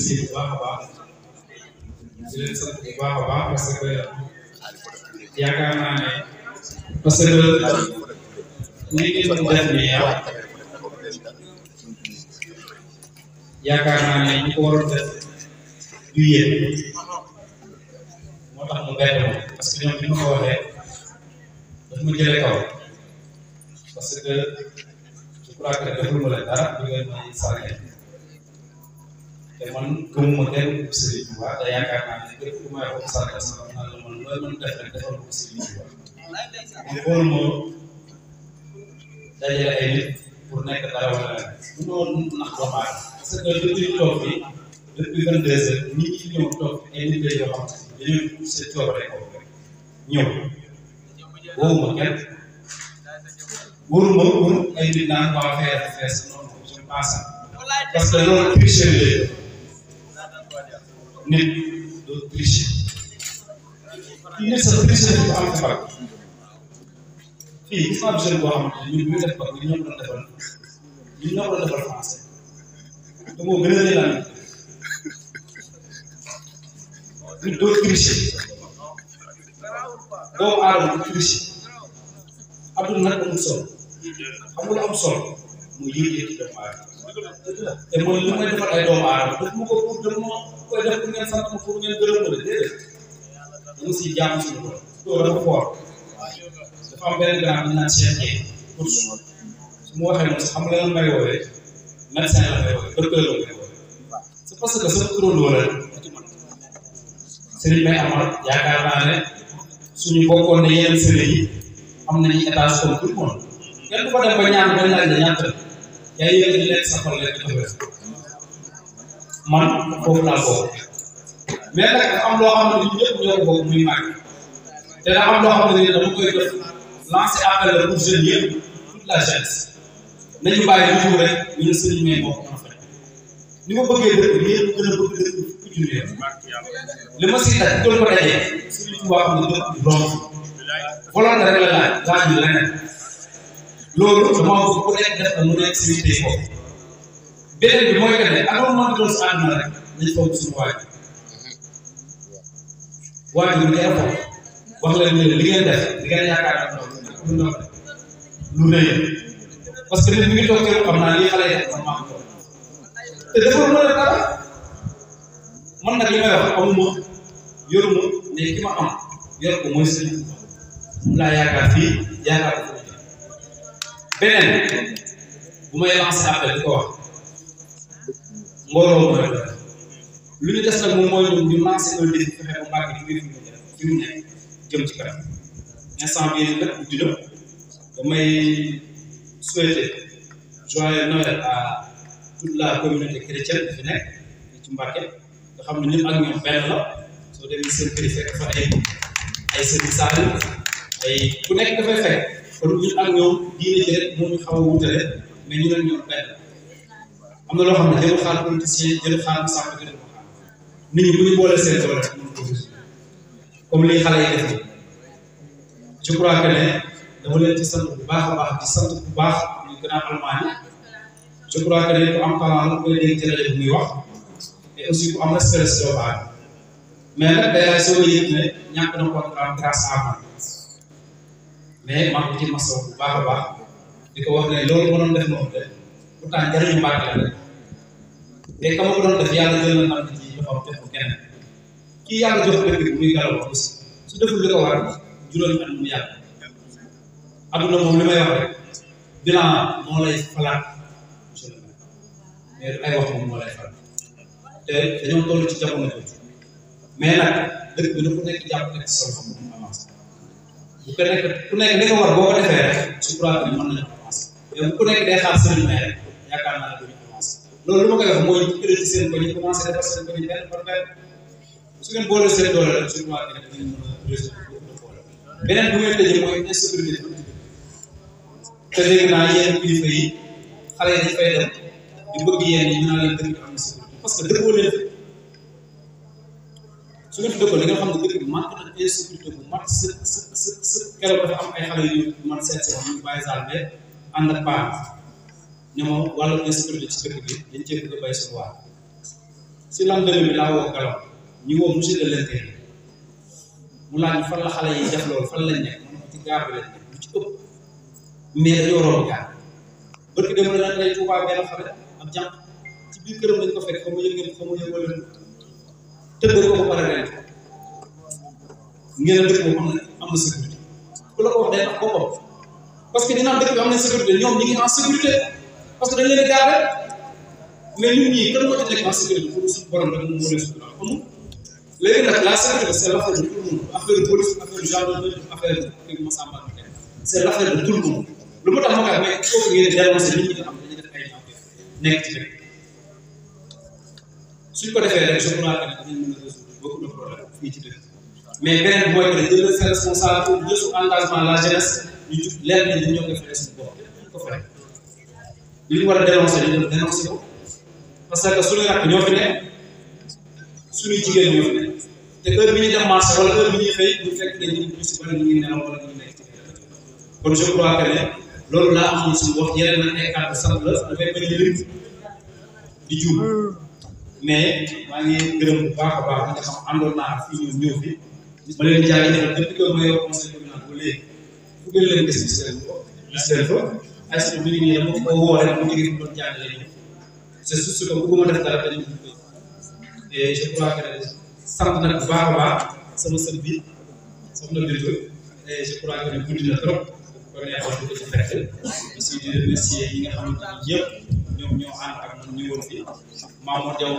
remercier bu baax bu baax a baax parce que yaakaar naa ne parce que ni ngeen di def nii yaakaar naa ne ñu moo tax mu parce que ñoom ni ma ko parce que je crois que deful ma leen dara du ngeen may te man gëmuma kenn Serigne Touba te yaakaar naa ne képp ku may wax sànq sama man la man looy mën def rek defal ko Serigne Touba te xool ma dajale ay nit pour nekk dara wala bu doon nax ba maag parce que depuis ñu toog fii depuis vingt deux heures ñi ngi ñëw toog ay nit la yoo xam ne dañoo sa coobare ko ñëw wowuma kenn wóoruma wóor ay nit naan waa feer fees noonu je pense parce que loolu tricherie nit doo tricher kii nit sax tricher bu am ci barab fii gis naa jeune boo xamante ne ñun bu ñu def barab ñoo ko defal ñun ñoo ko defal français te moo gën a rëy laa nit doo tricher doo aar du tricher Abdou nag amul solo amul am solo mu yëngu doomu aadama te mooy li may defar ay doomu aadama daf mu ko pour daf ma koy def pour ngeen sant ma pour ngeen gërëm ma de déedéet dama si jàmm suñu borom loolu dafa foor dafa am beneen grand bi naan Cheikh Ndiaye pour su ma waxee moom xam nga lan may woowee médecin la may woowee docteur la may woowee c'est parce que sama turandoo la sëriñ may amal yaakaar naa ne suñu bokkoon ne yeneen sëriñ yi am nañu étage comme tout le monde kenn du ko def ba ñaan ba ñaan la ñaata yaa ngi leen di leen saxal leen man foofu laa bokk mais nag am loo xam ne ñëpp ñoo ko bokk muy màgg te am loo xam ne dama la pour jeunes yëpp la jeunesse nañu bàyyi ñu rek ñu ne sëriñ may mën a faj ni ma bëggee dëkk bi yëpp gën a bëgg dëkk bi ku jullee li ma si daj doon ko dajee sëriñ Tuubaa xam laaj laaj bi leneen loolu dama bëgg ku nekk def na lu nekk si tey bopp benn bi mooy que ne ak moom moo doon si àdduna rek nañ foog suñu waajur waajur bi day foog wax leen ne li ngeen def li ngeen yaakaar ak moom lu lu rëy parce que nit ñi ngi toog kër xam naa lii xale yi def man maa ko te dafa mën a dara man nag li may wax amuma yoruma ne ki ma am yor ko mooy sëñ moom laa yaakaar fii yaakaar ko beneen bu may lancé appel di ko wax mbooloo lu ñu des nag moom mooy ñun ñu lancé un défi fexe ba mbàgg di mbir mi fi mu nekk jëm ci kanam instant bii nag uddi na la communauté chrétienne bi nekk ci Mbàkke nga xam ne ñun ak ñoom benn la soo demee seen kër ay ay sëriñ Saliou ay ku nekk dafay fekk. kon ñun ak ñoom diine ci rek moo xaw a mais ñu ne ñoom benn am na loo xam ne jël xaal politicien jël xaal sàmm bi nit ñi bu ñu boole seen doole ne dama leen ci sant bu baax a baax di sant bu baax ñu gën a Allemagne je crois que ne am talent la koy dégg ci rajo bi muy wax am respect am grâce mais maa ngi masoo bu baax a baax di ko wax ne loolu ma doon def noonu la ko doon def yàlla jël na naan ci yoo xam ne ko kenn kii yàlla jox dëkk bi muy gàllankoor aussi moom li may wax rek bilan moo lay falaat monsieur le wax moom moo lay falaat te dañoo toll ci jamono jooju mais nag dëkk bi dafa nekk jàpp nekk solo xam nga mu avancé. bu ko nekk ku nekk li nga war boo ko defee rek je crois que mën nañu avancer ku nekk day xaar semaine may rek yaakaar naa ne dañu avancer loolu lu ma koy wax ñu ëllëg seen ko ñu commencé defar seen ko ñu benn par benn su ngeen boole seen doole rek je crois que dinañ mën a résoudre beneen yi xale yi dañ fay dem di su nga tuddee ko am ay xale yu man seet si ñu bàyyi saal bee ànd ak paa ne ci dëkk a bay suñu lan dëgg bi laa woo galam ñu woo monsieur de l'intérieur mu laaj ñu fan la xale yi def loolu fan lañ nekk mu ci gaar bi lañ nekk lu ci ëpp mais dañoo romb gaar bërki dem la leen rey Tuubaa benn xale ak jànq ci biir këram lañ ko mu yëngal fa mu yëngal tëddee ko ba pare ren ngeen dëkk moom am na am na sécurité ku la ko wax day tax boppam parce que dina am dëkk bi am na sécurité ñoom ñu ngi en sécurité parce que dañ leen a gaare mais ñun ñii kenn ko ci nekk en sécurité pour suñu borom rek mu mën a sutural amul léegi nag la sécurité c' est l' affaire de tout le monde affaire police affaire gendarmerie affaire kër Massamba c' est l' affaire de tout le monde lu mu tax ma ko amee il faut que ngeen dénoncé nit ñi nga xam dañuy def ay ñaaw nekk ci dëkk suñ ko defee rek je crois que dinañ mën a résoudre beaucoup de problèmes fii ci dëkk mais beneen mooy que jël sa responsabilité jël sa engagement la jeunesse ñu jub leer na ñu ñoo koy fay suñu bopp ko fay li ñu war a dénoncer dañu doon dénoncer ko parce que suñu rakk ñoo fi ne suñu jigéen ñoo fi ne te heure bi ñuy dem marché wala heure bi ñuy xëy bu fekk ne ñu ñu si bëri ñu ngi nelaw wala ñu nekk ci kon je crois que ne loolu laa amoon suñu wax yeneen na ay kàddu sant la dafay bañ a lim di juum mais maa ngi gërëm bu baax a baax ñi nga xam àndoon naa fii ñoom ñëw fi ma leen jaajëfal depuis que ma yor conseil communal ba léegi fu gën leen gis gis leen ko gis leen ko ay sa bi ñu ne ko woo rek mu ngi gën doon jaajële ñu c' est juste que bëgguma def dara dañu ko et je crois que sant nag bu baax a baax sama sën bi soxna Bintu et je crois que ne guddi na trop kon ne xaw ko ci fekk aussi di remercier yi nga xamante ni yëpp ñoom ñoo ànd ak ñun ñu wër fii Mamour Diaw